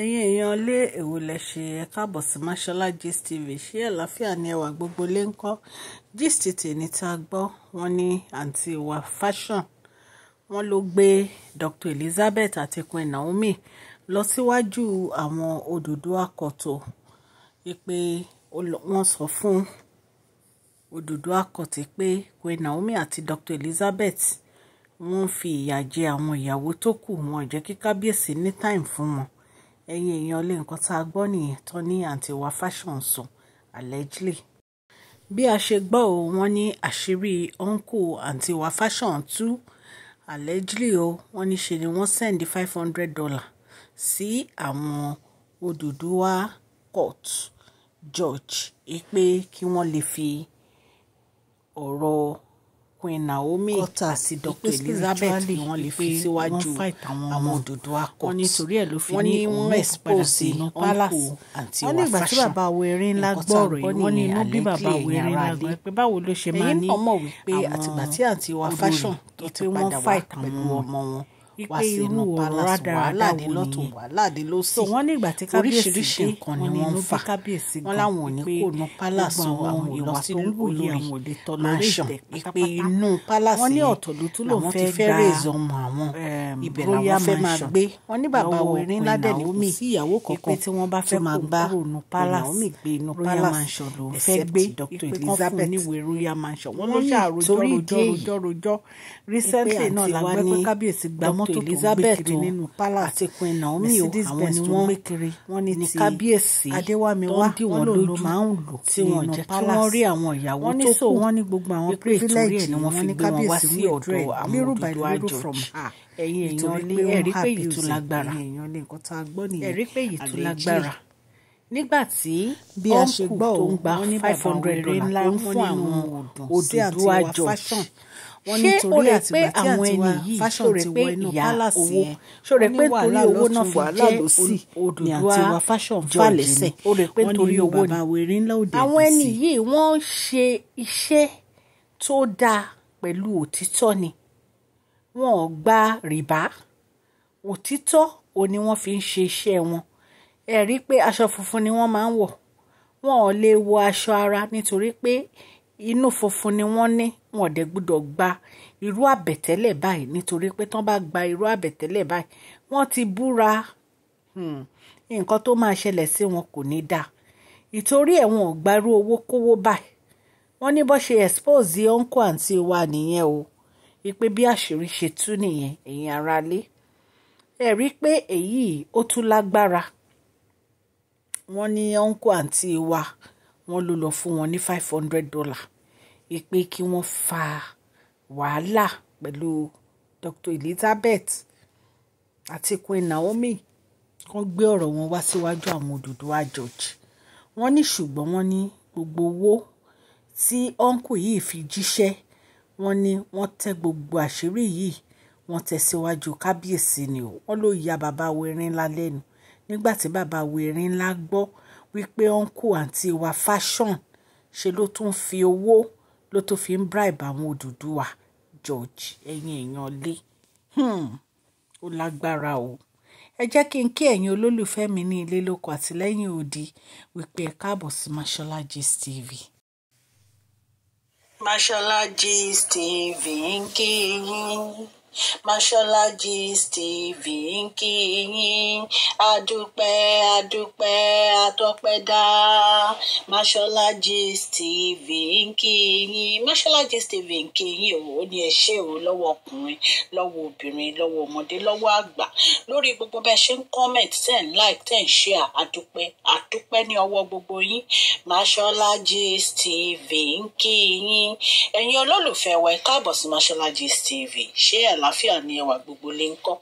ẹ̀yin èèyàn lé èwo lẹ ṣe ẹ káàbọ̀ sí Mashola Gist TV ṣé àlàáfíà ni ẹwà gbogbo lè ń kọ́ gist tèmi tá gbọ́ wọn ní àǹtí wa fashion wọn ló gbé Dr. Elizabeth àti Queen Naomi lọ síwájú àwọn Odùduwà kọ̀tò pé wọ́n sọ fún Odùduwà kọ̀tì pé Queen Naomi àti Dr. Elizabeth wọ́n fi ìyà jẹ àwọn ìyàwó tó kù wọn jẹ́ kí kábíyèsí ní time fún wọn ẹ̀yin èèyàn lè nǹkan tá a gbọ́ nìyẹn tán ní àǹtí fashion sùn allegedly bí a ṣe gbọ́ o wọ́n ní àṣírí uncle àǹtí wa fashion tú allegedly o wọ́n ní ṣe ni wọ́n send five hundred dollar sí àwọn Odùduwà court judge pé kí wọ́n lè fi ọ̀rọ̀ Queen Naomi àti Dr Elizabeth ni wọ́n lè fi síwájú àwọn Odùduwà court wọ́n nítorí ẹ̀ ló fi ní wọ́n expose palace àti wà fashion wọ́n ní ìgbà tí bàbá wẹ̀rin ńlá gbọ́rọ̀ yìí wọ́n ní inú bí bàbá wẹ̀rin ńlá gbọ́ pé báwo ló ṣe máa ní àwọn olùdó olùdó tó ti padà wá pẹ̀lú ọmọ wọn wá sí inú palace wàhálà dé lọ́tún wàhálà dé lósì oríṣiríṣi nǹkan ni wọ́n ń fà wọ́n láwọn ò ní kó nu palace o àwọn ìwà tó ń wù lórí mansion ìpè inú palace yìí àwọn ti fẹ́ rèézọ ọmọ àwọn um, ibẹ̀ làwọn fẹ́ máa gbé wọ́n ní bàbá obìnrin ládẹ̀ ní kò sí ìyàwó kankan tí wọ́n bá fẹ́ máa gbá Naomi gbé inú palace ẹ̀fẹ́ gbé Dr Elizabeth wọ́n mọ́tò Elizabeth nínú àti Queen Naomi o àwọn ni wọ́n wọ́n ní ti kábíyèsí Adéwàmí wá tó ń dì wọ́n lójú tí wọ́n jẹ́ kí wọ́n rí àwọn ìyàwó tó kù wọ́n ní gbogbo àwọn privilege ni wọ́n fi gbé wọn wá sí ọ̀dọ̀ àwọn òdòdó àjọ ẹ̀yin èèyàn lé ẹ̀rí pé yìí tún lágbára ẹ̀rí pé yìí tún lágbára nígbà tí bí a ṣe gbọ́ five hundred naira tó ń àwọn òdòdó àjọ wọ́n ní torí àtìgbà tí àti wá fashion ti wọ inú palace yẹn wọ́n ní wàhálà lọ́tún wàhálà lọ́sì ni àti wá fashion fà lẹ́sẹ̀ wọ́n ní yóò bàbá wèrè ńlá òde ìbísí. àwọn ẹni yìí wọ́n ń ṣe iṣẹ́ tó dáa pẹ̀lú òtítọ́ ni wọn ò gba rìbá òtítọ́ ò ní wọ́n fi ń ṣe iṣẹ́ wọn ẹ rí i pé aṣọ funfun ni wọ́n máa ń wọ̀ wọn ò lè wọ aṣọ ara nítorí pé inú funfun ni wọ́n ní wọn ò dẹ̀ gbúdọ̀ gba irú àbẹ̀tẹ́lẹ̀ báyìí nítorí pé tán bá gba irú àbẹ̀tẹ́lẹ̀ báyìí wọ́n ti búra hmm. nǹkan tó máa ṣẹlẹ̀ sí wọn kò ní dáa ìtorí ẹ̀ wọn ò gbarú owó kówó báyìí wọ́n ní bó ṣe expose uncle àǹtí wa nìyẹn o ìpè bí àṣírí ṣe tú nìyẹn ẹ̀yin aráalé ẹ rí pé èyí ó tún lágbára wọ́n ní uncle àǹtí wa wọ́n ló lọ fún wọn ní five hundred dollar pé kí wọ́n fa wàhálà pẹ̀lú Dr. Elizabeth àti Queen Naomi kan gbé ọ̀rọ̀ wọn wá síwájú àwọn Odùduwà George wọ́n ní ṣùgbọ́n wọ́n ní gbogbo owó tí ọ̀nkù yìí fi jíṣẹ́ wọ́n ní wọ́n tẹ́ gbogbo àṣírí yìí wọ́n tẹ̀ síwájú kábíyèsí ni o wọ́n ló ya bàbá werin ńlá lẹ́nu nígbà tí bàbá werin ńlá gbọ́ wípé ọ̀nkù àǹtí wa fashion ṣe ló tún fi owó ló tó fi ń bribe àwọn Odùduwà George ẹ̀yin èèyàn lé hmm, ó lágbára o ẹ jẹ́ kí n kí ẹ̀yin olólùfẹ́ mi ní ilé lóko àtìlẹ́yìn odi wípé ẹ káàbọ̀ sí Mashola Gist TV. Mashola Gist TV ń kí yín. Mashola Gist TV ń kí yín adúpẹ́ adúpẹ́ atọ́pẹ́dá Mashola Gist TV ń kí yín TV ń kí o ó ní ẹṣẹ́ o lọ́wọ́ ọkùnrin lọ́wọ́ obìnrin lọ́wọ́ ọmọdé lọ́wọ́ àgbà lórí gbogbo bẹ́ẹ̀ ṣe ń comment ten like ten share adúpẹ́ adúpẹ́ ní ọwọ́ gbogbo yín Mashola Gist TV ń kí yín ẹ̀yin olólùfẹ́ wa ẹ káàbọ̀ sí Mashola TV ṣé ẹ̀ àlàáfíà ni ẹwà gbogbo lè ń kọ́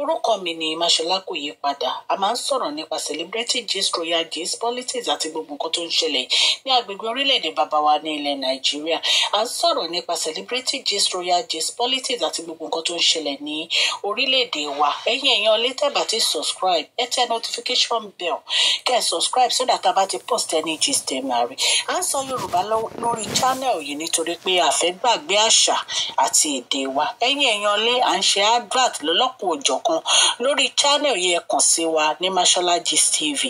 orúkọ mi ni Máṣọlá kò yí padà a máa ń sọ̀rọ̀ nípa celebrity gist royal gist politics àti gbogbo nǹkan tó ń ṣẹlẹ̀ ní agbègbè orílẹ̀-èdè bàbá ní ilẹ̀ Nàìjíríà a ń sọ̀rọ̀ nípa celebrity gist royal gist politics àti gbogbo nǹkan tó ń ṣẹlẹ̀ ní orílẹ̀-èdè wa ẹ̀yin èèyàn lè tẹ́ ti subscribe ẹ tẹ notification bell kẹ́ ẹ subscribe so that a bá ti post any gist ẹ̀ máa rí à ń sọ Yorùbá lórí channel yìí nítorí pé a fẹ́ gbàgbé àṣà àti èdè wa ẹ̀yin èèyàn lé à ń ṣe advert lọ́lọ́kùn òjọ̀kan lórí channel yẹn kàn sí wa ní Mashola TV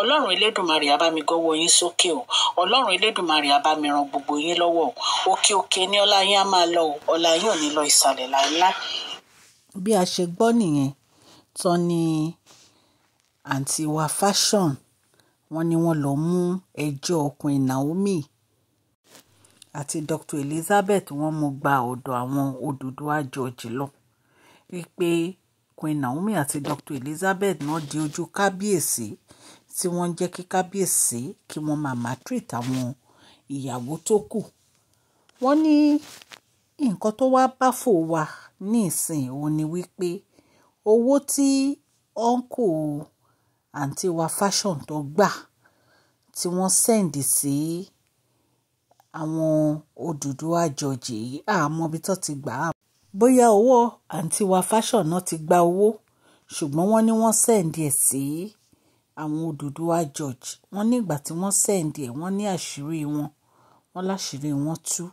ọlọ́run elédùnmarè abamigọ́wọ́ yín sókè o ọlọ́run elédùnmarè abamiran gbogbo yín lọ́wọ́ o òkè òkè ni ọlá yín á máa lọ o ọlá yín ò ní lọ ìsàlẹ̀ láíláí. bí a ṣe gbọ́ nìyẹn tán ni àǹtí wa fashion wọ́n ní wọ́n lọ mú ẹjọ́ ọkùnrin Naomi àti Dr Elizabeth wọ́n mú gba ọ̀dọ̀ àwọn Odùduwà George lọ wípé Queen Naomi àti Dr Elizabeth náà di ojú kábíyèsí tí wọ́n ń jẹ́ kí kábíyèsí kí wọ́n máa maltreat àwọn ìyàwó tó kù wọ́n ní nǹkan tó wá báfò wa ní ìsìn òun ni wípé owó tí ọ̀nkò àǹtí wa fashion tó gbà tí wọ́n sẹ́ǹdì sí. Si, àwọn Odùduwà George yìí àmọ́ ibi tó ti gbà á. bóyá owó àǹtí wa fashion náà ti gba owó ṣùgbọ́n wọ́n ní wọ́n sẹ́ǹdì ẹ̀ sí àwọn Odùduwà George wọ́n ní ìgbà tí wọ́n sẹ́ǹdì ẹ̀ wọ́n ní àṣírí wọn wọ́n láṣírí wọn tú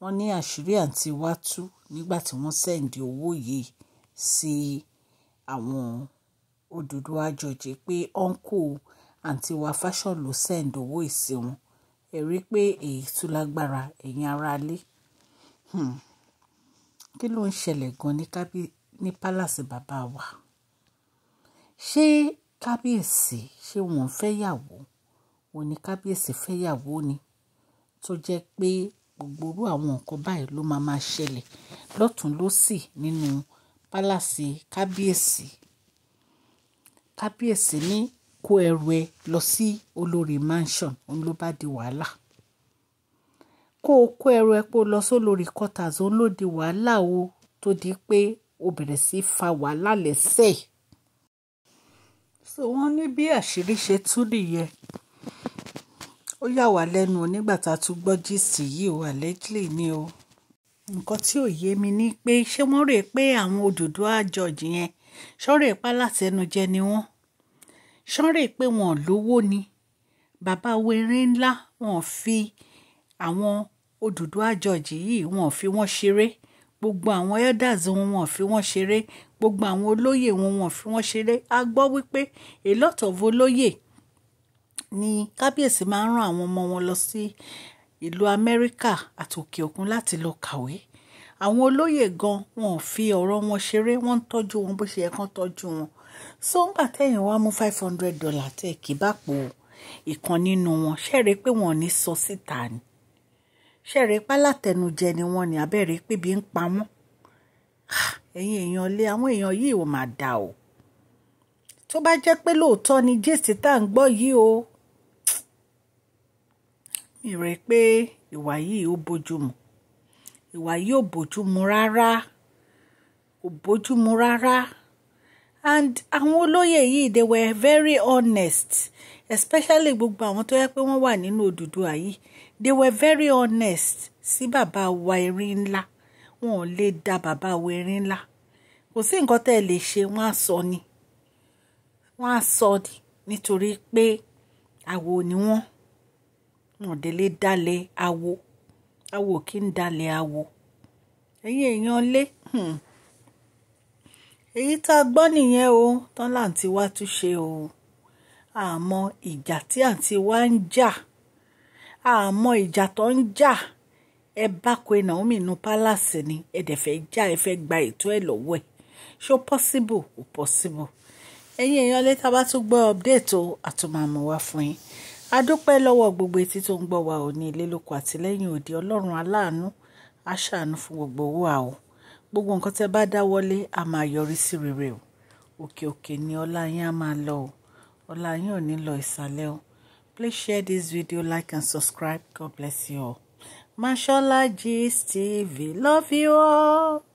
wọ́n ní àṣírí àǹtí wa tú nígbà tí wọ́n sẹ́ǹdì owó yìí sí àwọn Odùduwà George pé uncle àǹtí wa fashion ló sẹ́ǹdì owó ìsìn wọn ẹ rí i pé èyí tún lágbára ẹ̀yin aráalé hmm. kí ló ń ṣẹlẹ̀ gan ní kábí ní pálàsì bàbá wa ṣé kábíyèsí ṣé wọ́n fẹ́yàwó wọ́n ní kábíyèsí fẹ́yàwó ni tó jẹ́ pé gbogbo àwọn nǹkan báyìí ló máa máa ṣẹlẹ̀ lọ́tún lọ́sì nínú pálàsì kábíyèsí kábíyèsí ní kó ẹrù ẹ lọ sí olórí mansion òun ló bá di wàhálà kó o kó ẹrù ẹ pé o lọ sólórí quarters òun ló di wàhálà o tó di pé o bẹ̀rẹ̀ sí fa wàhálà lẹ́sẹ̀ so wọ́n ní bí àṣírí ṣe tú nìyẹn ó yà wá lẹ́nu nígbà tá a tún gbọ́ gíìsì yìí o allegedly ni o nǹkan tí ò yé mi ni pé ṣé wọ́n rè pé àwọn Odùduwà judge yẹn ṣọ́rẹ́ ìpá látẹnujẹ ni wọ́n ṣánrè pe wọn lówó ni baba wẹrẹ ńlá wọn fi àwọn Odùduwà George yìí wọn fi wọn ṣeré gbogbo àwọn elders wọn wọn fi wọn ṣeré gbogbo àwọn olóyè wọn wọn fi wọn ṣeré a gbọ́ wípé a lot of olóyè ni kábíyèsí máa ń rán àwọn ọmọ wọn lọ sí ìlú Amẹ́ríkà àti òkè òkun láti lọ kàwé àwọn olóyè gan wọn ò fi ọ̀rọ̀ wọn ṣeré wọ́n ń tọ́jú wọn bó ṣe yẹ kán tọ́jú wọn so ńgbà tẹ̀yìn wá mú five hundred dollar tẹ̀ kí bá po ìkan nínú wọn ṣẹ́ẹ̀rẹ́ pé wọ́n ní sọ síta ni ṣẹ́ẹ̀rẹ́ pálátẹnujẹ ni wọ́n ní abẹ́rẹ́ pé bí ń pa wọ́n ẹ̀yin èèyàn lé àwọn èèyàn yìí ò máa dà o tó bá jẹ́ pé lóòótọ́ ni jésì tá à ń gbọ́ yìí o mi rẹ̀ pé ìwà yìí ò bójúmu ìwà yìí ò bójúmu rárá ò bójúmu rárá and àwọn olóyè yìí they were very honest especially gbogbo àwọn tó yẹ pé wọ́n wà nínú Odùduwà yìí they were very honest sí bàbá wa erin ńlá wọn ò lè da bàbá wa erin ńlá kò sí nǹkan tẹ́ ẹ lè ṣe wọ́n á sọ ni wọ́n á sọ ni nítorí pé àwo ni wọ́n wọn délé dalẹ̀ àwo àwo kí ń dalẹ̀ àwo ẹ̀yin èèyàn lé. Hmm èyí tá a gbọ́ nìyẹn o tán láǹtí wá tún ṣe o àmọ́ ìjà tí àǹtí wá ń jà àmọ́ ìjà tó ń jà ẹ bá pe Naomi nu palace ni ẹ dẹ̀ fẹ́ já ẹ fẹ́ gba ètò ẹ lọ́wọ́ ẹ̀ ṣó possible kò possible ẹ̀yin èèyàn létà bá tún gbọ́ update o àtúmọ̀mù wá fún yín adúpẹ́ lọ́wọ́ gbogbo etí tó ń gbọ́ wa ò ní ilé lóko àtìlẹ́yìn òde ọlọ́run aláàánú aṣàánú fún gbogbo owó àwọ̀ gbogbo nǹkan tẹ́ bá dáwọ́lé a máa yọrí sí rere o òkè òkè ni ọlá yín á máa lọ o ọlá yín ò ní lọ ìsàlẹ̀ o please share this video like and subscribe god bless you all Mashola Gist TV love you all.